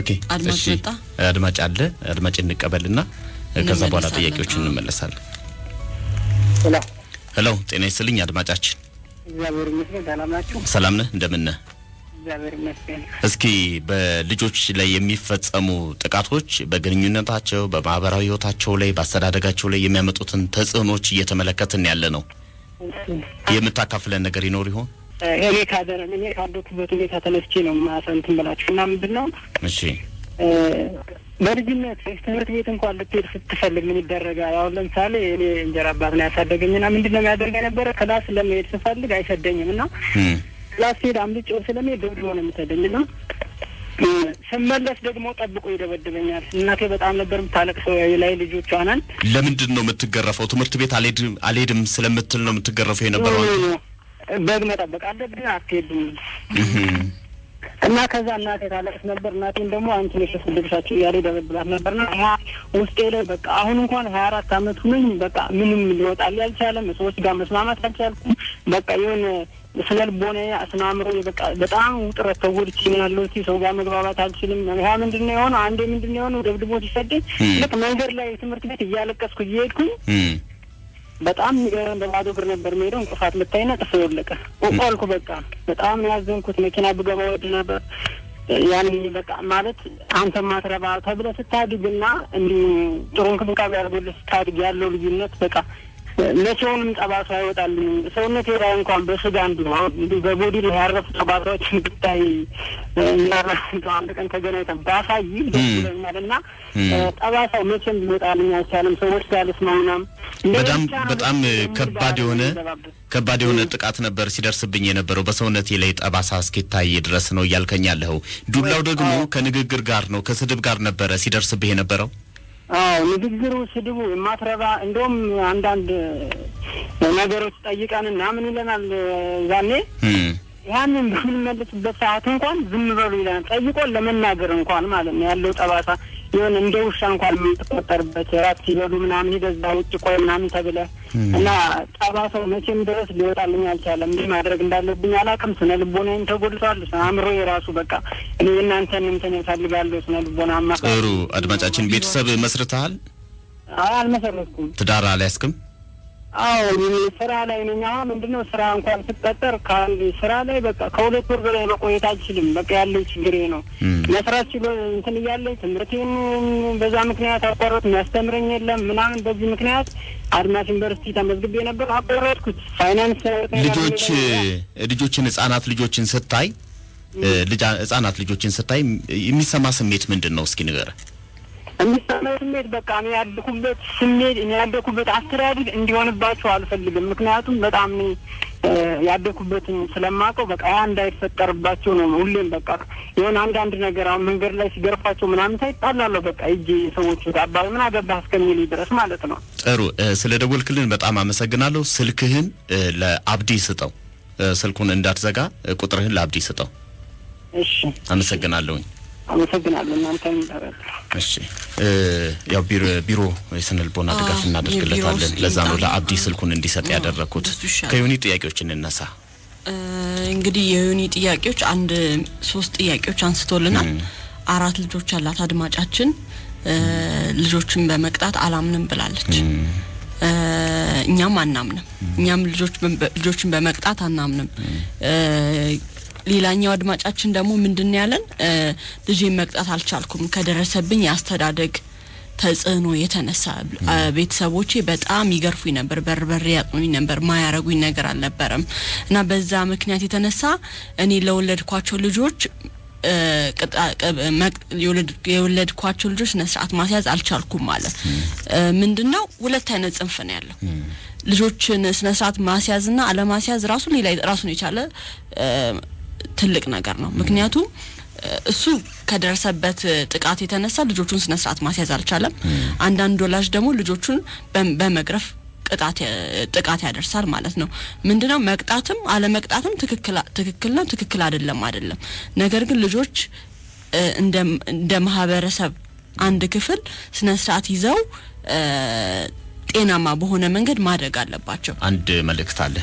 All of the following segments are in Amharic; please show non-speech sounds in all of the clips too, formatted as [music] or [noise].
ኦኬ አድማጭ መጣ አድማጭ አለ አድማጭ እንቀበልና ከዛ በኋላ ጥያቄዎችን እንመለሳለን። ሄሎ ጤና ይስጥልኝ አድማጫችን። እግዚአብሔር ይመስገን። ሰላም ናችሁ? ሰላም ነህ? እንደምን ነህ? እግዚአብሔር ይመስገን። እስኪ በልጆች ላይ የሚፈጸሙ ጥቃቶች በግንኙነታቸው፣ በማህበራዊ ህይወታቸው ላይ፣ በአስተዳደጋቸው ላይ የሚያመጡትን ተጽዕኖች እየተመለከትን ያለ ነው። የምታካፍለን ነገር ይኖር ይሆን? እኔ ካደረ እኔ ካደኩበት ሁኔታ ተነስቼ ነው ማሰንትን ብላችሁ እና ምንድን ነው እሺ በልጅነት ትምህርት ቤት እንኳን ልትሄድ ስትፈልግ ምን ይደረጋል? አሁን ለምሳሌ እኔ እንጀራ አባት ነው ያሳደገኝ ያሳደገኝና ምንድን ነው የሚያደርግ የነበረ ክላስ ለመሄድ ስፈልግ አይሰደኝም እና ክላስ ሄድ አምልጬ ስለመሄድ ደብድቦ ነው የምሰደኝ እና ስመለስ ደግሞ ጠብቆ ይደበድበኛል። እናቴ በጣም ነበር የምታለቅሰው ላይ ልጆቿ ናል። ለምንድን ነው የምትገረፈው? ትምህርት ቤት አልሄድም ስለምትል ነው የምትገረፈው የነበረው? በግ መጠበቅ አለብህ አትሄድም እና ከዛ እናቴ ታለቅስ ነበር። እናቴን ደግሞ አንቺ ነሽ ያስገድልሻቸው እያለ ና ነበርና ውስጤ ላይ በቃ አሁን እንኳን ሀያ አራት አመት ሁነኝ በቃ ምንም ሊወጣል አልቻለም። ሰዎች ጋር መስማማት አልቻልኩም። በቃ የሆነ ስለ ልቦና አስማምሮ በቃ በጣም ውጥረት ተጎድቼ ነው ያለሁት። ሰው ጋር መግባባት አልችልም። ያ ምንድን ነው የሆነ አንዴ ምንድን ነው የሆነ ደብድቦ ሲሰደኝ ልክ መንገድ ላይ ትምህርት ቤት እያለቀስኩ እየሄድኩኝ በጣም የሚገርም በባዶ እግር ነበር የምሄደው። እንቅፋት መታኝና ጥፍ ወለቀ ቆልኩ። በቃ በጣም ያዘንኩት። መኪና ብገባ ወድ ነበር። ያን በቃ ማለት አንተ ማትረባ ተብለህ ስታድግና እንዲ ጥሩ እንክብካቤ አድርጎልህ ስታድግ ያለው ልዩነት በቃ መቼውንም ጠባሳ አይወጣልኝም። ሰውነት ሄዳ እንኳን በስጋ እንዱ በቦዲ ላይ ያረፉ ጠባሳዎች ጉዳይ እናራንተ አንድ ቀን ተገናኝተን ባሳይ ይለኛል እና ጠባሳው መቼም ሊወጣልኝ አይቻልም። ሰዎች ጋር ልስማሙናም በጣም በጣም ከባድ የሆነ ከባድ የሆነ ጥቃት ነበር ሲደርስብኝ የነበረው በሰውነቴ ላይ ጠባሳ እስኪታይ ድረስ ነው እያልከኝ ያለኸው። ዱላው ደግሞ ከንግግር ጋር ነው ከስድብ ጋር ነበረ ሲደርስብህ የነበረው አዎ ንግግሩ፣ ስድቡ የማትረባ እንደውም አንዳንድ ነገሮች ጠይቀን እና ምን ይለናል ዛኔ ያንን በምንመልስበት ሰዓት እንኳን ዝም በሉ ይለናል። ጠይቆን ለመናገር እንኳን ማለት ነው ያለው ጠባሳ ይሁን እንደ ውሻ እንኳን የምትቆጠርበት ራት ሲበሉ ምናምን ሂደህ እዛ ውጭ ቆይ ምናምን ተብለ እና ጠባሳው መቼም ድረስ ሊወጣልኝ አልቻለም። እንዲህ ማድረግ እንዳለብኝ አላውቅም። ስነ ልቦናዬም ተጎድቷል። አእምሮ የራሱ በቃ እኔ እናንተን እንትን እፈልጋለሁ። ስነ ልቦና አማካ ጥሩ አድማጫችን ቤተሰብ መስርተሃል? አልመሰረትኩም። ትዳር አልያዝክም? አዎ ስራ ላይ ነኝ። አሁን ምንድነው ስራ እንኳን ስቀጠር ስራ ላይ በቃ ከሁለት ወር በላይ መቆየት አልችልም። በቃ ያለው ችግሬ ነው። መስራት ችሎ እንትን እያለኝ ትምህርቴን በዛ ምክንያት አቋረጥ። የሚያስተምረኝ የለም ምናምን። በዚህ ምክንያት አድማስ ዩኒቨርሲቲ ተመዝግቤ ነበር፣ አቋረጥኩት። ፋይናንስ ልጆች ልጆችን ህጻናት ልጆችን ስታይ ህጻናት ልጆችን ስታይ የሚሰማ ስሜት ምንድን ነው? እስኪ ንገረን። የሚሰማኝ ስሜት በቃ እኔ ያደኩበት ስሜት እኔ ያደኩበት አስተዳደግ እንዲሆንባቸው አልፈልግም። ምክንያቱም በጣም ያደኩበትን ስለማውቀው በቃ ያ እንዳይፈጠርባቸው ነው። ሁሌም በቃ የሆነ አንዳንድ ነገር አሁን መንገድ ላይ ሲገርፋቸው ምናምን ታይጣላለሁ በቃ እጅ ሰዎች አባ ምን አገባ እስከሚል ድረስ ማለት ነው። ጥሩ ስለ ደወልክልን በጣም አመሰግናለሁ። ስልክህን ለአብዲ ስጠው፣ ስልኩን እንዳትዘጋ፣ ቁጥርህን ለአብዲ ስጠው። እሺ አመሰግናለሁኝ። አመሰግናለሁ። ያው ቢሮ የስነ ልቦና ድጋፍ እናደርግለታለን። ለዛ ነው ለአብዲ ስልኩን እንዲሰጥ ያደረግኩት። ከዩኒ ጥያቄዎች እንነሳ። እንግዲህ የዩኒ ጥያቄዎች አንድ ሶስት ጥያቄዎች አንስቶልናል። አራት ልጆች ያላት አድማጫችን ልጆችን በመቅጣት አላምንም ብላለች። እኛም አናምንም። እኛም ልጆችን በመቅጣት አናምንም። ሌላኛው አድማጫችን ደግሞ ምንድን ያለን ልጄን መቅጣት አልቻልኩም ከደረሰብኝ የአስተዳደግ ተጽዕኖ የተነሳ ቤተሰቦቼ በጣም ይገርፉኝ ነበር፣ በርበሬ ያጥኑኝ ነበር፣ ማያረጉኝ ነገር አልነበረም እና በዛ ምክንያት የተነሳ እኔ ለወለድኳቸው ልጆች የወለድኳቸው ልጆች ስነ ስርዓት ማስያዝ አልቻልኩም ማለት ምንድን ነው? ሁለት አይነት ጽንፍ ነው ያለው። ልጆችን ስነ ስርዓት ማስያዝና አለማስያዝ ራሱ ሌላ ራሱን የቻለ ትልቅ ነገር ነው። ምክንያቱም እሱ ከደረሰበት ጥቃት የተነሳ ልጆቹን ስነ ስርዓት ማስያዝ አልቻለም። አንዳንድ ወላጅ ደግሞ ልጆቹን በመግረፍ ጥቃት ያደርሳል ማለት ነው። ምንድነው መቅጣትም አለመቅጣትም ትክክል ነው፣ ትክክል አይደለም አይደለም። ነገር ግን ልጆች እንደ ማህበረሰብ አንድ ክፍል ስነ ስርዓት ይዘው ጤናማ በሆነ መንገድ ማድረግ አለባቸው። አንድ መልእክት አለ።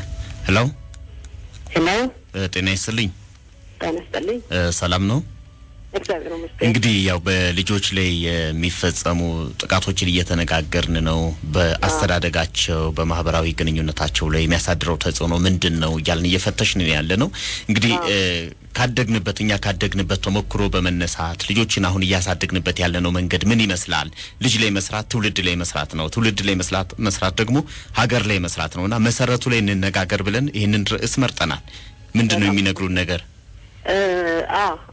ሄሎ ሄሎ፣ ጤና ይስጥልኝ። ሰላም ነው። እንግዲህ ያው በልጆች ላይ የሚፈጸሙ ጥቃቶችን እየተነጋገርን ነው። በአስተዳደጋቸው፣ በማህበራዊ ግንኙነታቸው ላይ የሚያሳድረው ተጽዕኖ ምንድን ነው እያልን እየፈተሽን ያለ ነው። እንግዲህ ካደግንበት እኛ ካደግንበት ተሞክሮ በመነሳት ልጆችን አሁን እያሳደግንበት ያለነው መንገድ ምን ይመስላል? ልጅ ላይ መስራት ትውልድ ላይ መስራት ነው። ትውልድ ላይ መስራት መስራት ደግሞ ሀገር ላይ መስራት ነው እና መሰረቱ ላይ እንነጋገር ብለን ይህንን ርዕስ መርጠናል። ምንድን ነው የሚነግሩን ነገር?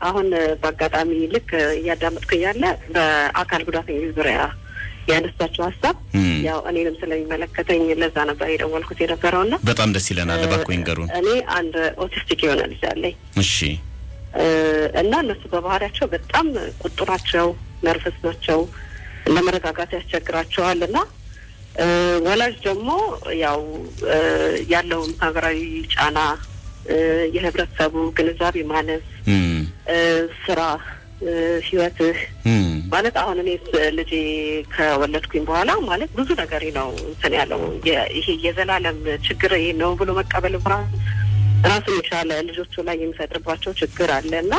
አሁን በአጋጣሚ ልክ እያዳመጥኩ እያለ በአካል ጉዳተኞች ዙሪያ ያነሳቸው ሀሳብ ያው እኔንም ስለሚመለከተኝ ለዛ ነበር የደወልኩት ና በጣም ደስ ይለናል። እባክዎ ገሩ እኔ አንድ ኦቲስቲክ የሆነ ልጅ አለኝ። እሺ። እና እነሱ በባህሪያቸው በጣም ቁጡ ናቸው፣ ነርቨስ ናቸው፣ ለመረጋጋት ያስቸግራቸዋል እና ወላጅ ደግሞ ያው ያለውን ማህበራዊ ጫና የህብረተሰቡ ግንዛቤ ማነስ፣ ስራ፣ ህይወትህ ማለት አሁን እኔ ልጄ ከወለድኩኝ በኋላ ማለት ብዙ ነገር ነው እንትን ያለው ይሄ የዘላለም ችግር ይሄ ነው ብሎ መቀበል ብራሱ ራሱን የቻለ ልጆቹ ላይ የሚፈጥርባቸው ችግር አለ እና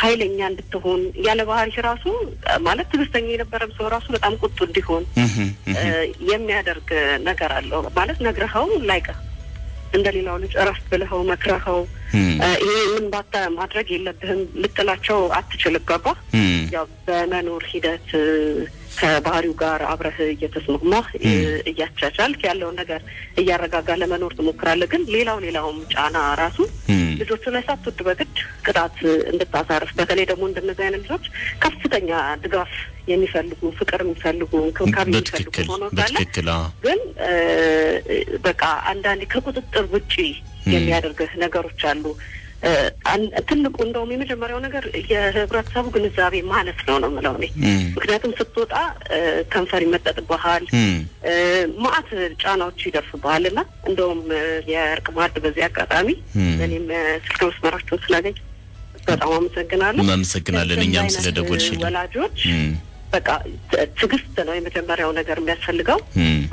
ኃይለኛ እንድትሆን ያለ ባህሪሽ ራሱ ማለት ትዕግስተኛ የነበረም ሰው ራሱ በጣም ቁጡ እንዲሆን የሚያደርግ ነገር አለው ማለት ነግረኸው ላይቀህ እንደ ሌላው ልጅ እረፍ ብለኸው መክረኸው ይሄ ምን ባታ ማድረግ የለብህም ልጥላቸው አትችልም። ገባ ያው በመኖር ሂደት ከባህሪው ጋር አብረህ እየተስማማ እያቻቻልክ ያለውን ነገር እያረጋጋ ለመኖር ትሞክራለህ። ግን ሌላው ሌላውም ጫና ራሱ ልጆቹ ልጆቹን ሳትወድ በግድ ቅጣት እንድታሳርፍ፣ በተለይ ደግሞ እንደነዚህ አይነት ልጆች ከፍተኛ ድጋፍ የሚፈልጉ ፍቅር የሚፈልጉ እንክብካቤ የሚፈልጉ ሆኖ ሳለ ግን በቃ አንዳንዴ ከቁጥጥር ውጪ የሚያደርግህ ነገሮች አሉ። ትልቁ እንደውም የመጀመሪያው ነገር የህብረተሰቡ ግንዛቤ ማለት ነው ነው ምለው እኔ። ምክንያቱም ስትወጣ ከንፈር ይመጠጥብሃል፣ ማአት ጫናዎች ይደርሱብሃል እና እንደውም የእርቅ ማዕድ በዚህ አጋጣሚ እኔም ስልክ መስመራቸውን ስላገኝ በጣም አመሰግናለሁ። አመሰግናለን እኛም ስለ ስለደወልሽልን ወላጆች በቃ ትዕግስት ነው የመጀመሪያው ነገር የሚያስፈልገው።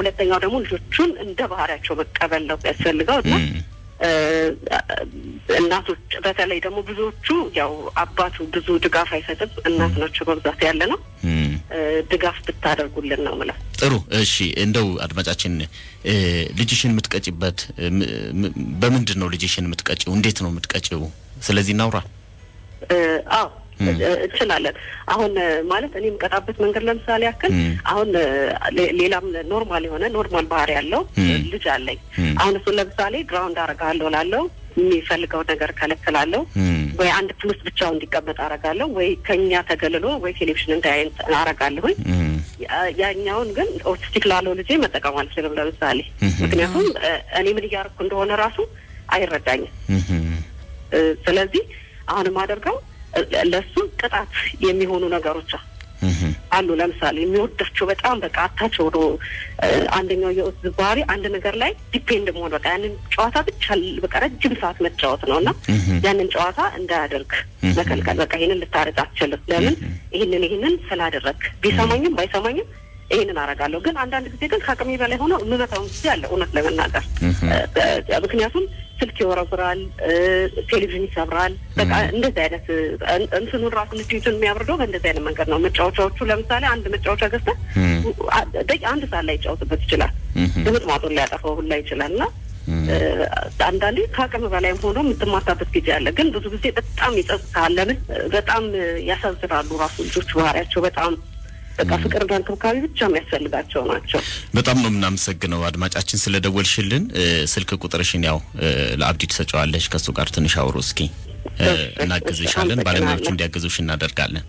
ሁለተኛው ደግሞ ልጆቹን እንደ ባህሪያቸው መቀበል ነው የሚያስፈልገው እና እናቶች በተለይ ደግሞ ብዙዎቹ ያው አባቱ ብዙ ድጋፍ አይሰጥም። እናት ናቸው በብዛት ያለ ነው። ድጋፍ ብታደርጉልን ነው ምለው። ጥሩ እሺ። እንደው አድማጫችን ልጅሽን የምትቀጭበት በምንድን ነው? ልጅሽን የምትቀጭው እንዴት ነው የምትቀጭው? ስለዚህ እናውራ። አዎ እንችላለን። አሁን ማለት እኔ የምቀጣበት መንገድ ለምሳሌ ያክል አሁን ሌላም ኖርማል የሆነ ኖርማል ባህሪ ያለው ልጅ አለኝ። አሁን እሱን ለምሳሌ ግራውንድ አደርግሃለሁ ላለው የሚፈልገው ነገር ከለክላለሁ። ወይ አንድ ትምህርት ብቻው እንዲቀመጥ አረጋለሁ፣ ወይ ከኛ ተገልሎ ወይ ቴሌቪዥን እንዳያይ አረጋለሁኝ። ያኛውን ግን ኦቲስቲክ ላለው ልጄ መጠቀም አልችልም ለምሳሌ። ምክንያቱም እኔ ምን እያደረኩ እንደሆነ ራሱ አይረዳኝም። ስለዚህ አሁን የማደርገው ለሱ ቅጣት የሚሆኑ ነገሮች አሉ። ለምሳሌ የሚወዳቸው በጣም በቃ አታች ወደ አንደኛው የውስጥ ባህሪ አንድ ነገር ላይ ዲፔንድ መሆን በቃ ያንን ጨዋታ ብቻ በቃ ረጅም ሰዓት መጫወት ነው እና ያንን ጨዋታ እንዳያደርግ መከልከል። በቃ ይህንን ልታረግ አትችልም። ለምን ይህንን ይህንን ስላደረግ ቢሰማኝም ባይሰማኝም ይህንን አረጋለሁ። ግን አንዳንድ ጊዜ ግን ከአቅሜ በላይ ሆነ የምመታውን ጊዜ አለ እውነት ለመናገር ምክንያቱም ስልክ ይወረውራል፣ ቴሌቪዥን ይሰብራል። በቃ እንደዚህ አይነት እንትኑን ራሱ ልጅቱን የሚያብርደው በእንደዚህ አይነት መንገድ ነው። መጫወቻዎቹ ለምሳሌ አንድ መጫወቻ ገዝተህ አንድ ሰዓት ላይ ይጫወትበት ይችላል። ድምጥ ማጡን ሊያጠፋው ሁላ ይችላል እና አንዳንዴ ከአቅም በላይም ሆኖ የምትማታበት ጊዜ አለ። ግን ብዙ ጊዜ በጣም ይጸጽታል። ለምን በጣም ያሳዝናሉ ራሱ ልጆቹ ባህሪያቸው በጣም በቃ ፍቅር እንክብካቤ ብቻ የሚያስፈልጋቸው ናቸው። በጣም ነው የምናመሰግነው አድማጫችን ስለ ደወልሽልን። ስልክ ቁጥርሽን ያው ለአብዲ ትሰጫዋለሽ። ከእሱ ጋር ትንሽ አውሮ እስኪ እናግዝሻለን። ባለሙያዎቹ እንዲያግዙሽ እናደርጋለን።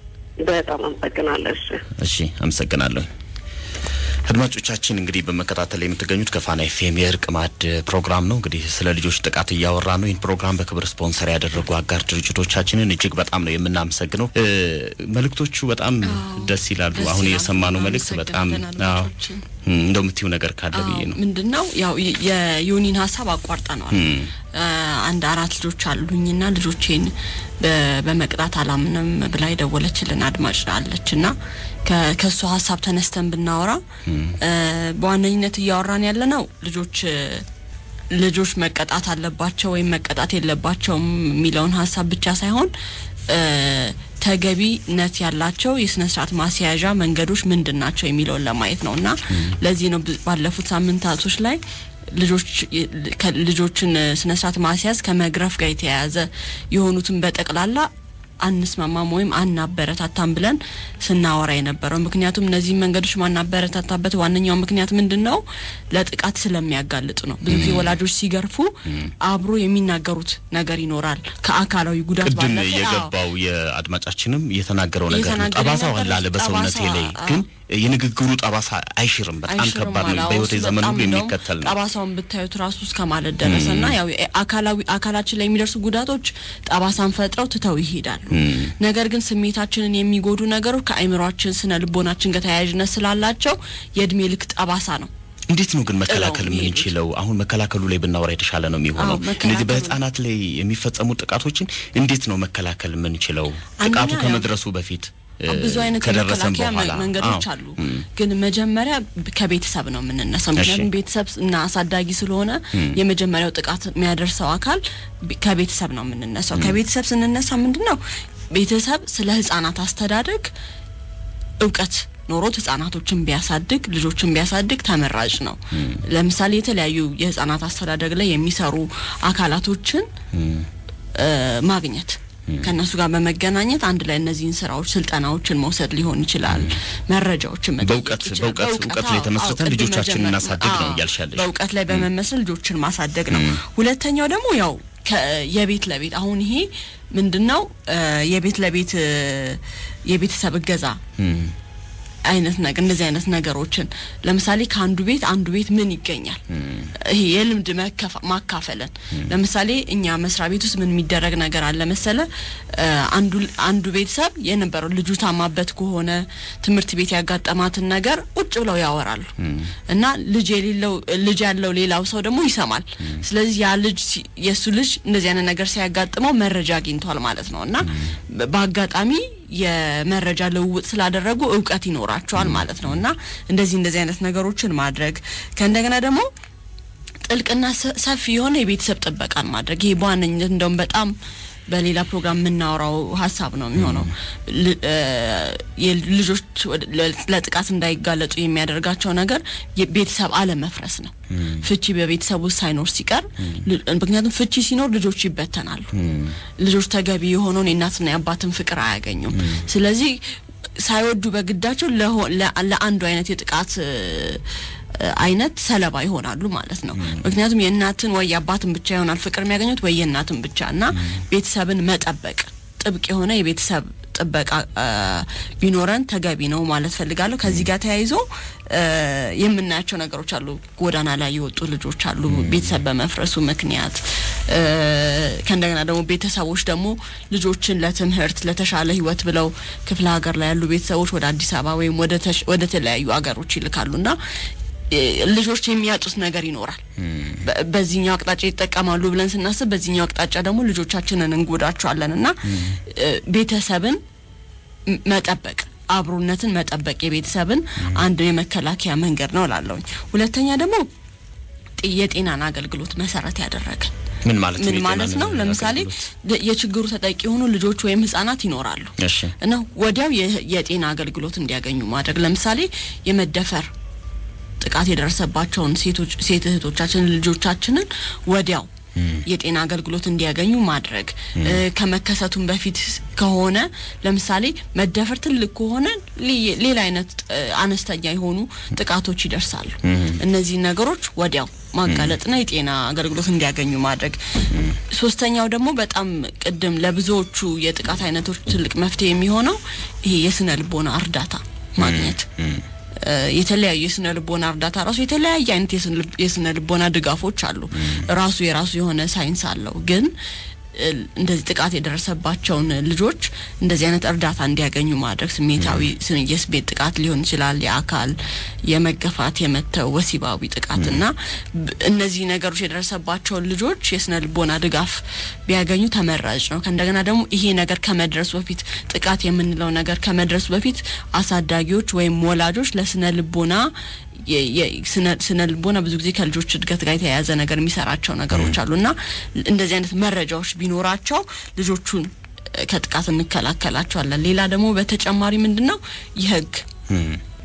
በጣም አመሰግናለሁ። እሺ አመሰግናለሁ። አድማጮቻችን እንግዲህ በመከታተል የምትገኙት ከፋና ኤፍኤም የእርቅ ማድ ፕሮግራም ነው። እንግዲህ ስለ ልጆች ጥቃት እያወራ ነው። ይህን ፕሮግራም በክብር ስፖንሰር ያደረጉ አጋር ድርጅቶቻችንን እጅግ በጣም ነው የምናመሰግነው። መልእክቶቹ በጣም ደስ ይላሉ። አሁን የሰማነው መልእክት በጣም እንደው የምትይው ነገር ካለ ብዬ ነው። ምንድነው ያው የዮኒን ሀሳብ አቋርጠነዋል። አንድ አራት ልጆች አሉኝና ልጆቼን በመቅጣት አላምንም ብላ የደወለችልን አድማጭ አለችና ከእሱ ሀሳብ ተነስተን ብናወራ በዋነኝነት እያወራን ያለ ነው ልጆች ልጆች መቀጣት አለባቸው ወይም መቀጣት የለባቸውም የሚለውን ሀሳብ ብቻ ሳይሆን ተገቢነት ያላቸው የስነ ስርዓት ማስያዣ መንገዶች ምንድን ናቸው የሚለውን ለማየት ነው እና ለዚህ ነው ባለፉት ሳምንታቶች ላይ ልጆችን ስነ ስርዓት ማስያዝ ከመግረፍ ጋር የተያያዘ የሆኑትን በጠቅላላ አንስማማም ወይም አናበረታታም ብለን ስናወራ የነበረው። ምክንያቱም እነዚህ መንገዶች ማናበረታታበት ዋነኛው ምክንያት ምንድን ነው? ለጥቃት ስለሚያጋልጡ ነው። ብዙ ጊዜ ወላጆች ሲገርፉ አብሮ የሚናገሩት ነገር ይኖራል። ከአካላዊ ጉዳት ባለፈ የገባው የአድማጫችንም የተናገረው ነገር ነው። ጠባሳው አለ በሰውነቴ ላይ ግን የንግግሩ ጠባሳ አይሽርም። በጣም ከባድ ነው። በህይወቴ ዘመን ሁሉ የሚከተል ነው። ጠባሳውን ብታዩት ራሱ እስከ ማለት ደረሰና ያው አካላዊ አካላችን ላይ የሚደርሱ ጉዳቶች ጠባሳን ፈጥረው ትተው ይሄዳሉ። ነገር ግን ስሜታችንን የሚጎዱ ነገሮች ከአይምሯችን ስነ ልቦናችን ጋር ተያያዥነት ስላላቸው የእድሜ ልክ ጠባሳ ነው። እንዴት ነው ግን መከላከል የምንችለው? አሁን መከላከሉ ላይ ብናወራ የተሻለ ነው የሚሆነው። እነዚህ በህጻናት ላይ የሚፈጸሙ ጥቃቶችን እንዴት ነው መከላከል የምንችለው? ጥቃቱ ከመድረሱ በፊት ብዙ አይነት የመከላከያ መንገዶች አሉ። ግን መጀመሪያ ከቤተሰብ ነው የምንነሳው። ምክንያቱም ቤተሰብ እና አሳዳጊ ስለሆነ የመጀመሪያው ጥቃት የሚያደርሰው አካል ከቤተሰብ ነው የምንነሳው። ከቤተሰብ ስንነሳ ምንድን ነው ቤተሰብ ስለ ህጻናት አስተዳደግ እውቀት ኖሮት ህጻናቶችን ቢያሳድግ ልጆችን ቢያሳድግ ተመራጭ ነው። ለምሳሌ የተለያዩ የህጻናት አስተዳደግ ላይ የሚሰሩ አካላቶችን ማግኘት ከእነሱ ጋር በመገናኘት አንድ ላይ እነዚህን ስራዎች፣ ስልጠናዎችን መውሰድ ሊሆን ይችላል። መረጃዎችን በእውቀት በእውቀት እውቀት ላይ ተመስርተን ልጆቻችንን እናሳደግ ነው እያልሻለሽ። በእውቀት ላይ በመመስረት ልጆችን ማሳደግ ነው። ሁለተኛው ደግሞ ያው የቤት ለቤት አሁን ይሄ ምንድነው የቤት ለቤት የቤተሰብ እገዛ አይነት ነገር እንደዚህ አይነት ነገሮችን ለምሳሌ ከአንዱ ቤት አንዱ ቤት ምን ይገኛል? ይሄ የልምድ ማካፈለን ለምሳሌ እኛ መስሪያ ቤት ውስጥ ምን የሚደረግ ነገር አለ መሰለ አንዱ አንዱ ቤተሰብ የነበረው ልጁ ታማበት ከሆነ ትምህርት ቤት ያጋጠማትን ነገር ቁጭ ብለው ያወራሉ እና ልጅ የሌለው ልጅ ያለው ሌላው ሰው ደግሞ ይሰማል። ስለዚህ ያ ልጅ የእሱ ልጅ እንደዚህ አይነት ነገር ሲያጋጥመው መረጃ አግኝቷል ማለት ነው እና በአጋጣሚ የመረጃ ልውውጥ ስላደረጉ እውቀት ይኖራቸዋል ማለት ነው እና እንደዚህ እንደዚህ አይነት ነገሮችን ማድረግ ከእንደገና ደግሞ ጥልቅና ሰፊ የሆነ የቤተሰብ ጥበቃን ማድረግ ይሄ በዋነኝነት እንደውም በጣም በሌላ ፕሮግራም የምናወራው ሀሳብ ነው የሚሆነው። ልጆች ለጥቃት እንዳይጋለጡ የሚያደርጋቸው ነገር ቤተሰብ አለመፍረስ ነው። ፍቺ በቤተሰብ ውስጥ ሳይኖር ሲቀር፣ ምክንያቱም ፍቺ ሲኖር ልጆች ይበተናሉ። ልጆች ተገቢ የሆነውን የእናትና የአባትን ፍቅር አያገኙም። ስለዚህ ሳይወዱ በግዳቸው ለአንዱ አይነት የጥቃት አይነት ሰለባ ይሆናሉ ማለት ነው። ምክንያቱም የእናትን ወይ የአባትን ብቻ ይሆናል ፍቅር የሚያገኙት ወይ የእናትን ብቻ እና ቤተሰብን መጠበቅ ጥብቅ የሆነ የቤተሰብ ጥበቃ ቢኖረን ተገቢ ነው ማለት ፈልጋለሁ። ከዚህ ጋር ተያይዞ የምናያቸው ነገሮች አሉ። ጎዳና ላይ የወጡ ልጆች አሉ ቤተሰብ በመፍረሱ ምክንያት። ከእንደገና ደግሞ ቤተሰቦች ደግሞ ልጆችን ለትምህርት ለተሻለ ሕይወት ብለው ክፍለ ሀገር ላይ ያሉ ቤተሰቦች ወደ አዲስ አበባ ወይም ወደ ተለያዩ ሀገሮች ይልካሉ እና ልጆች የሚያጡት ነገር ይኖራል። በዚህኛው አቅጣጫ ይጠቀማሉ ብለን ስናስብ፣ በዚህኛው አቅጣጫ ደግሞ ልጆቻችንን እንጎዳቸዋለን እና ቤተሰብን መጠበቅ አብሮነትን መጠበቅ የቤተሰብን አንዱ የመከላከያ መንገድ ነው እላለሁኝ። ሁለተኛ ደግሞ የጤናን አገልግሎት መሰረት ያደረገ ምን ማለት ምን ማለት ነው? ለምሳሌ የችግሩ ተጠቂ የሆኑ ልጆች ወይም ህጻናት ይኖራሉ እና ወዲያው የጤና አገልግሎት እንዲያገኙ ማድረግ ለምሳሌ የመደፈር ጥቃት የደረሰባቸውን ሴት እህቶቻችንን ልጆቻችንን ወዲያው የጤና አገልግሎት እንዲያገኙ ማድረግ ከመከሰቱም በፊት ከሆነ ለምሳሌ መደፈር ትልቅ ከሆነ ሌላ አይነት አነስተኛ የሆኑ ጥቃቶች ይደርሳሉ። እነዚህ ነገሮች ወዲያው ማጋለጥና የጤና አገልግሎት እንዲያገኙ ማድረግ። ሶስተኛው ደግሞ በጣም ቅድም ለብዙዎቹ የጥቃት አይነቶች ትልቅ መፍትሄ የሚሆነው ይሄ የስነ ልቦና እርዳታ ማግኘት የተለያዩ የስነ ልቦና እርዳታ ራሱ የተለያየ አይነት የስነ ልቦና ድጋፎች አሉ። ራሱ የራሱ የሆነ ሳይንስ አለው ግን እንደዚህ ጥቃት የደረሰባቸውን ልጆች እንደዚህ አይነት እርዳታ እንዲያገኙ ማድረግ ስሜታዊ የስሜት ጥቃት ሊሆን ይችላል፣ የአካል የመገፋት፣ የመተው፣ ወሲባዊ ጥቃት እና እነዚህ ነገሮች የደረሰባቸውን ልጆች የስነ ልቦና ድጋፍ ቢያገኙ ተመራጭ ነው። ከእንደገና ደግሞ ይሄ ነገር ከመድረሱ በፊት ጥቃት የምንለው ነገር ከመድረሱ በፊት አሳዳጊዎች ወይም ወላጆች ለስነ ልቦና ስነ ልቦና ብዙ ጊዜ ከልጆች እድገት ጋር የተያያዘ ነገር የሚሰራቸው ነገሮች አሉ እና እንደዚህ አይነት መረጃዎች ቢኖራቸው ልጆቹን ከጥቃት እንከላከላቸዋለን። ሌላ ደግሞ በተጨማሪ ምንድን ነው የህግ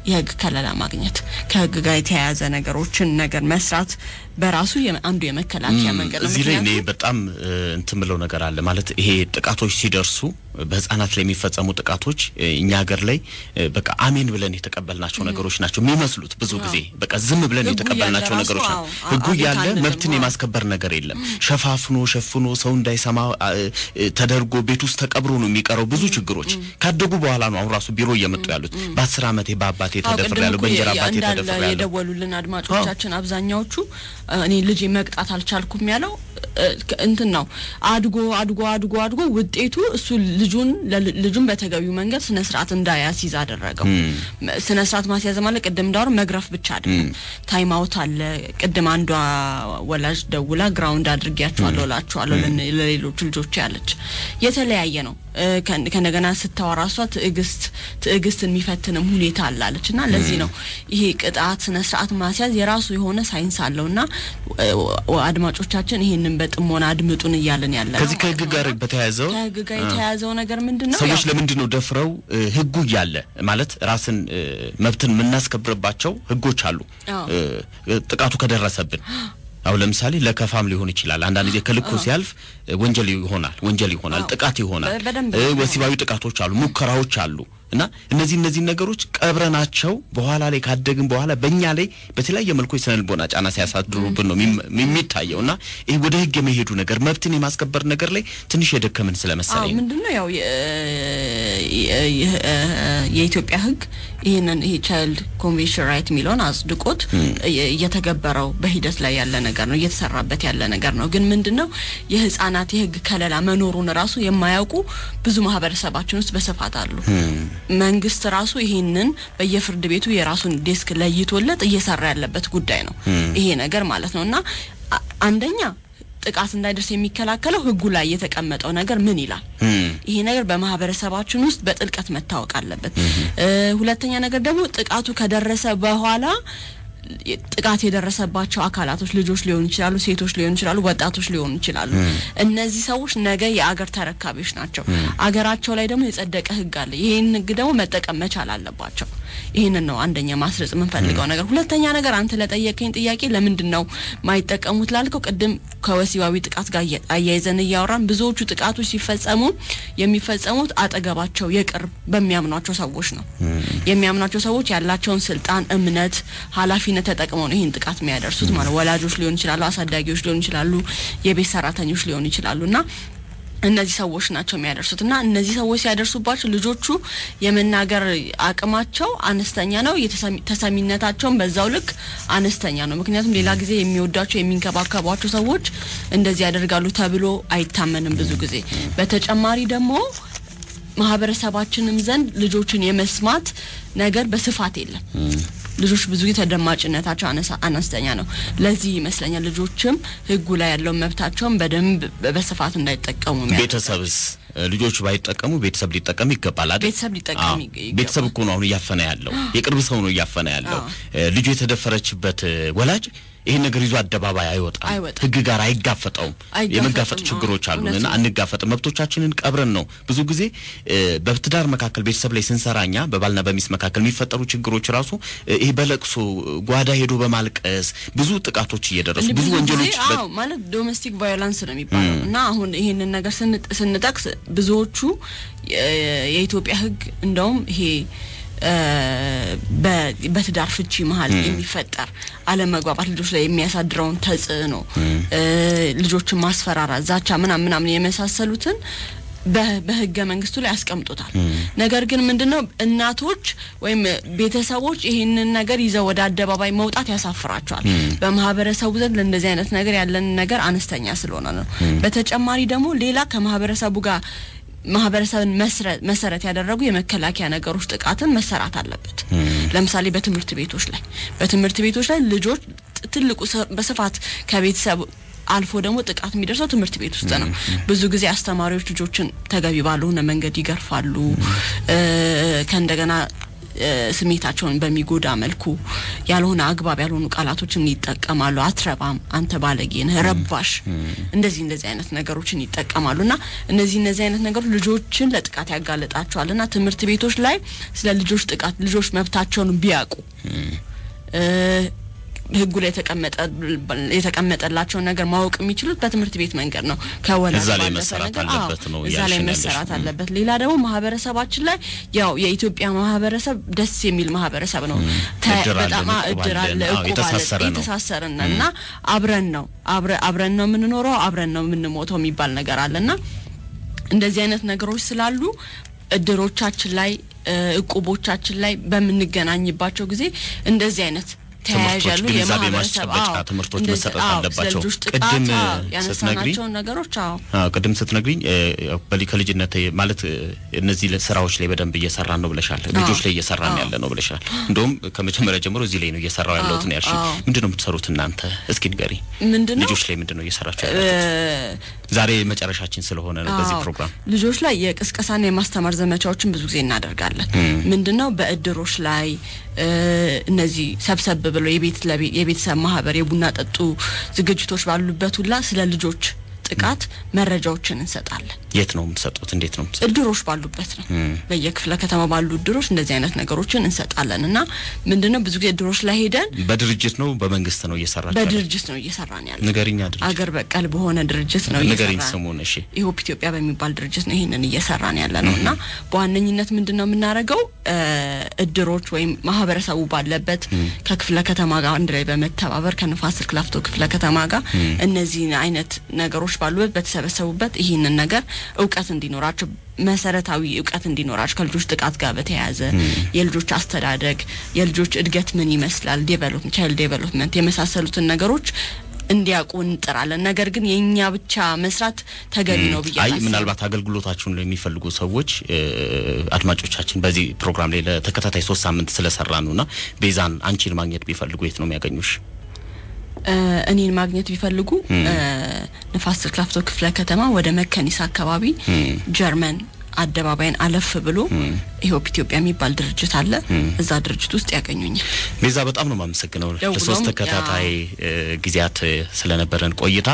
የህግ ከለላ ማግኘት ከህግ ጋር የተያያዘ ነገሮችን ነገር መስራት በራሱ አንዱ የመከላከያ መንገድ ነው። እዚህ ላይ እኔ በጣም እንትምለው ነገር አለ ማለት ይሄ ጥቃቶች ሲደርሱ በህጻናት ላይ የሚፈጸሙ ጥቃቶች እኛ ሀገር ላይ በቃ አሜን ብለን የተቀበልናቸው ነገሮች ናቸው የሚመስሉት። ብዙ ጊዜ በቃ ዝም ብለን የተቀበልናቸው ነገሮች ናቸው። ህጉ ያለ መብትን የማስከበር ነገር የለም። ሸፋፍኖ ሸፍኖ ሰው እንዳይሰማ ተደርጎ ቤት ውስጥ ተቀብሮ ነው የሚቀረው። ብዙ ችግሮች ካደጉ በኋላ ነው አሁን ራሱ ቢሮ እየመጡ ያሉት። በአስር አመቴ በአባቴ ተደፍሬያለሁ፣ በእንጀራ አባቴ ተደፍሬያለሁ። የደወሉልን አድማጮቻችን አብዛኛዎቹ እኔ ልጅ መቅጣት አልቻልኩም ያለው እንትን ነው አድጎ አድጎ አድጎ አድጎ ውጤቱ እሱ ልጁን ልጁን በተገቢው መንገድ ስነ ስርዓት እንዳያስይዝ አደረገው። ስነ ስርዓት ማስያዝ ማለት ቅድም እንዳወሩ መግረፍ ብቻ አይደለም። ታይም አውት አለ። ቅድም አንዷ ወላጅ ደውላ ግራውንድ አድርጌያቸዋለሁ እላቸዋለሁ ለሌሎቹ ልጆች ያለች የተለያየ ነው። ከእንደገና ስታወራ እሷ ትዕግስት ትዕግስት የሚፈትንም ሁኔታ አላለች እና ለዚህ ነው ይሄ ቅጣት ስነ ስርዓት ማስያዝ የራሱ የሆነ ሳይንስ አለው እና አድማጮቻችን ይሄንን ያንን በጥሞና አድምጡን እያለን ያለ ከዚህ ከህግ ጋር በተያያዘው ከህግ ጋር የተያያዘው ነገር ምንድን ነው? ሰዎች ለምንድን ነው ደፍረው ህጉ እያለ ማለት ራስን መብትን የምናስከብርባቸው ህጎች አሉ። ጥቃቱ ከደረሰብን [gasps] አሁን ለምሳሌ ለከፋም ሊሆን ይችላል። አንዳንድ ጊዜ ከልኩ ሲያልፍ ወንጀል ይሆናል፣ ወንጀል ይሆናል፣ ጥቃት ይሆናል። ወሲባዊ ጥቃቶች አሉ፣ ሙከራዎች አሉ። እና እነዚህ እነዚህ ነገሮች ቀብረናቸው በኋላ ላይ ካደግን በኋላ በእኛ ላይ በተለያየ መልኩ የስነ ጫና ሲያሳድሩብን ነው የሚታየው። እና ይህ ወደ ህግ የመሄዱ ነገር መብትን የማስከበር ነገር ላይ ትንሽ የደከምን ስለመሰለኝ ምንድን ነው ያው የኢትዮጵያ ህግ ይህንን ይሄ ቻይልድ ኮንቬንሽን ራይት የሚለውን አጽድቆት እየተገበረው በሂደት ላይ ያለ ነገር ነው፣ እየተሰራበት ያለ ነገር ነው። ግን ምንድን ነው የህጻናት የህግ ከለላ መኖሩን ራሱ የማያውቁ ብዙ ማህበረሰባችን ውስጥ በስፋት አሉ። መንግስት ራሱ ይሄንን በየፍርድ ቤቱ የራሱን ዴስክ ለይቶለት እየሰራ ያለበት ጉዳይ ነው ይሄ ነገር ማለት ነው እና አንደኛ ጥቃት እንዳይደርስ የሚከላከለው ህጉ ላይ የተቀመጠው ነገር ምን ይላል? ይሄ ነገር በማህበረሰባችን ውስጥ በጥልቀት መታወቅ አለበት። ሁለተኛ ነገር ደግሞ ጥቃቱ ከደረሰ በኋላ ጥቃት የደረሰባቸው አካላቶች ልጆች ሊሆኑ ይችላሉ፣ ሴቶች ሊሆኑ ይችላሉ፣ ወጣቶች ሊሆኑ ይችላሉ። እነዚህ ሰዎች ነገ የአገር ተረካቢዎች ናቸው። አገራቸው ላይ ደግሞ የጸደቀ ሕግ አለ። ይህን ሕግ ደግሞ መጠቀም መቻል አለባቸው። ይህንን ነው አንደኛ ማስረጽ የምንፈልገው ነገር። ሁለተኛ ነገር አንተ ለጠየቀኝ ጥያቄ ለምንድን ነው ማይጠቀሙት ላልከው፣ ቅድም ከወሲባዊ ጥቃት ጋር አያይዘን እያወራን ብዙዎቹ ጥቃቶች ሲፈጸሙ የሚፈጸሙት አጠገባቸው የቅርብ በሚያምኗቸው ሰዎች ነው። የሚያምኗቸው ሰዎች ያላቸውን ስልጣን፣ እምነት፣ ኃላፊነት ኃላፊነት ተጠቅመው ነው ይህን ጥቃት የሚያደርሱት ማለት ወላጆች ሊሆን ይችላሉ፣ አሳዳጊዎች ሊሆን ይችላሉ፣ የቤት ሰራተኞች ሊሆኑ ይችላሉ እና እነዚህ ሰዎች ናቸው የሚያደርሱት እና እነዚህ ሰዎች ሲያደርሱባቸው ልጆቹ የመናገር አቅማቸው አነስተኛ ነው፣ ተሰሚነታቸውን በዛው ልክ አነስተኛ ነው። ምክንያቱም ሌላ ጊዜ የሚወዳቸው የሚንከባከቧቸው ሰዎች እንደዚህ ያደርጋሉ ተብሎ አይታመንም ብዙ ጊዜ። በተጨማሪ ደግሞ ማህበረሰባችንም ዘንድ ልጆችን የመስማት ነገር በስፋት የለም። ልጆች ብዙ ጊዜ ተደማጭነታቸው አነስተኛ ነው። ለዚህ ይመስለኛል ልጆችም ህጉ ላይ ያለውን መብታቸውን በደንብ በስፋት እንዳይጠቀሙ ቤተሰብስ ልጆች ባይጠቀሙ ቤተሰብ ሊጠቀም ይገባል አይደል? ቤተሰብ ሊጠቀም ይገባል። ቤተሰብ እኮ ነው አሁን እያፈነ ያለው፣ የቅርብ ሰው ነው እያፈነ ያለው። ልጁ የተደፈረችበት ወላጅ ይህን ነገር ይዞ አደባባይ አይወጣም፣ ህግ ጋር አይጋፈጠውም። የመጋፈጥ ችግሮች አሉንና አንጋፈጥ። መብቶቻችንን ቀብረን ነው ብዙ ጊዜ በትዳር መካከል ቤተሰብ ላይ ስንሰራ እኛ በባልና በሚስት መካከል የሚፈጠሩ ችግሮች ራሱ ይሄ በለቅሶ ጓዳ ሄዶ በማልቀስ ብዙ ጥቃቶች እየደረሱ ብዙ ወንጀሎች ማለት ዶሜስቲክ ቫዮላንስ ነው የሚባለው እና አሁን ይህንን ነገር ስንጠቅስ ብዙዎቹ የኢትዮጵያ ህግ እንደውም ይሄ በትዳር ፍቺ መሀል የሚፈጠር አለመግባባት ልጆች ላይ የሚያሳድረውን ተጽዕኖ፣ ልጆችን ማስፈራራ፣ ዛቻ፣ ምናምን ምናምን የመሳሰሉትን በህገ መንግስቱ ላይ አስቀምጦታል። ነገር ግን ምንድነው እናቶች ወይም ቤተሰቦች ይህንን ነገር ይዘው ወደ አደባባይ መውጣት ያሳፍራቸዋል። በማህበረሰቡ ዘንድ ለእንደዚህ አይነት ነገር ያለን ነገር አነስተኛ ስለሆነ ነው። በተጨማሪ ደግሞ ሌላ ከማህበረሰቡ ጋር ማህበረሰብን መሰረት ያደረጉ የመከላከያ ነገሮች ጥቃትን መሰራት አለበት። ለምሳሌ በትምህርት ቤቶች ላይ በትምህርት ቤቶች ላይ ልጆች ትልቁ በስፋት ከቤተሰብ አልፎ ደግሞ ጥቃት የሚደርሰው ትምህርት ቤት ውስጥ ነው። ብዙ ጊዜ አስተማሪዎች ልጆችን ተገቢ ባልሆነ መንገድ ይገርፋሉ። ከእንደገና ስሜታቸውን በሚጎዳ መልኩ ያልሆነ አግባብ ያልሆኑ ቃላቶችን ይጠቀማሉ። አትረባም፣ አንተ ባለጌ ነህ፣ ረባሽ፣ እንደዚህ እንደዚህ አይነት ነገሮችን ይጠቀማሉ እና እነዚህ እነዚህ አይነት ነገሮች ልጆችን ለጥቃት ያጋለጣቸዋል እና ትምህርት ቤቶች ላይ ስለ ልጆች ጥቃት ልጆች መብታቸውን ቢያውቁ ህጉ ላይ የተቀመጠላቸውን ነገር ማወቅ የሚችሉት በትምህርት ቤት መንገድ ነው። ከወላጅ ላይ መሰራት አለበት ነው እዛ ላይ መሰራት አለበት። ሌላ ደግሞ ማህበረሰባችን ላይ ያው የኢትዮጵያ ማህበረሰብ ደስ የሚል ማህበረሰብ ነው። በጣም እድር አለ፣ እና አብረን ነው አብረን ነው የምንኖረው አብረን ነው የምንሞተው የሚባል ነገር አለና እንደዚህ አይነት ነገሮች ስላሉ እድሮቻችን ላይ እቁቦቻችን ላይ በምንገናኝባቸው ጊዜ እንደዚህ አይነት ትምህርቶች ግንዛቤ ማስጨበጫ ትምህርቶች መሰጠት አለባቸው። ቅድም ስትነግሪኝ ነገሮች ቅድም ስትነግሪኝ ከልጅነት ማለት እነዚህ ስራዎች ላይ በደንብ እየሰራ ነው ብለሻል። ልጆች ላይ እየሰራን ያለ ነው ብለሻል። እንደውም ከመጀመሪያ ጀምሮ እዚህ ላይ ነው እየሰራው ያለሁት ነው ያልሽኝ። ምንድን ነው የምትሰሩት እናንተ? እስኪ ንገሪ። ልጆች ላይ ምንድን ነው እየሰራችሁ ያላችሁት? ዛሬ መጨረሻችን ስለሆነ ነው በዚህ ፕሮግራም ልጆች ላይ የቅስቀሳና የማስተማር ዘመቻዎችን ብዙ ጊዜ እናደርጋለን። ምንድነው በእድሮች ላይ እነዚህ ሰብሰብ ብለው የቤተሰብ ማህበር የቡና ጠጡ ዝግጅቶች ባሉበት ሁላ ስለ ልጆች ጥቃት መረጃዎችን እንሰጣለን። የት ነው የምትሰጡት? እንዴት ነው የምትሰጡት? እድሮች ባሉበት ነው። በየክፍለ ከተማ ባሉ እድሮች እንደዚህ አይነት ነገሮችን እንሰጣለን እና ምንድነው ብዙ ጊዜ እድሮች ላይ ሄደን በድርጅት ነው በመንግስት ነው እየሰራ በድርጅት ነው እየሰራን ያለ ንገሪኛ ድርጅት አገር በቀል በሆነ ድርጅት ነው ንገሪኝ ስሙን። እሺ ኢሆፕ ኢትዮጵያ በሚባል ድርጅት ነው ይሄንን እየሰራን ያለ ነው እና በዋነኝነት ምንድነው የምናደርገው እድሮች ወይም ማህበረሰቡ ባለበት ከክፍለ ከተማ ጋር አንድ ላይ በመተባበር ከንፋስ ስልክ ላፍቶ ክፍለ ከተማ ጋር እነዚህን አይነት ነገሮች ባሉበት በተሰበሰቡበት ይህንን ነገር እውቀት እንዲኖራቸው መሰረታዊ እውቀት እንዲኖራቸው ከልጆች ጥቃት ጋር በተያያዘ የልጆች አስተዳደግ፣ የልጆች እድገት ምን ይመስላል፣ ዴቨሎፕመንት ቻይልድ ዴቨሎፕመንት የመሳሰሉትን ነገሮች እንዲያውቁ እንጥራለን። ነገር ግን የእኛ ብቻ መስራት ተገቢ ነው ብዬ አይ ምናልባት አገልግሎታችሁን የሚፈልጉ ሰዎች አድማጮቻችን በዚህ ፕሮግራም ላይ ለተከታታይ ሶስት ሳምንት ስለሰራ ነውና ቤዛን አንቺን ማግኘት ቢፈልጉ የት ነው የሚያገኙሽ? እኔን ማግኘት ቢፈልጉ ንፋስ ስልክ ላፍቶ ክፍለ ከተማ ወደ መከኒሳ አካባቢ ጀርመን አደባባይን አለፍ ብሎ ኢሆፕ ኢትዮጵያ የሚባል ድርጅት አለ። እዛ ድርጅት ውስጥ ያገኙኛል። ቤዛ በጣም ነው የማመሰግነው ለሶስት ተከታታይ ጊዜያት ስለነበረን ቆይታ።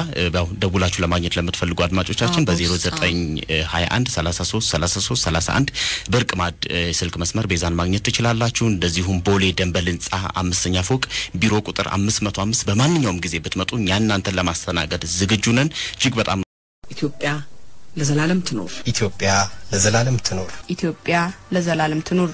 ደውላችሁ ለማግኘት ለምትፈልጉ አድማጮቻችን በ0921 33 33 31 በእርቅ ማድ ስልክ መስመር ቤዛን ማግኘት ትችላላችሁ። እንደዚሁም ቦሌ ደንበል ህንጻ አምስተኛ ፎቅ ቢሮ ቁጥር 505 በማንኛውም ጊዜ ብትመጡ እኛ እናንተን ለማስተናገድ ዝግጁ ነን። እጅግ በጣም ኢትዮጵያ ለዘላለም ትኑር። ኢትዮጵያ ለዘላለም ትኑር። ኢትዮጵያ ለዘላለም ትኑር።